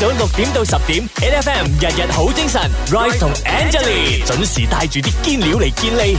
早六點到十點，N F M 日日好精神。Rise 同 Angelina 準時帶住啲堅料嚟堅利。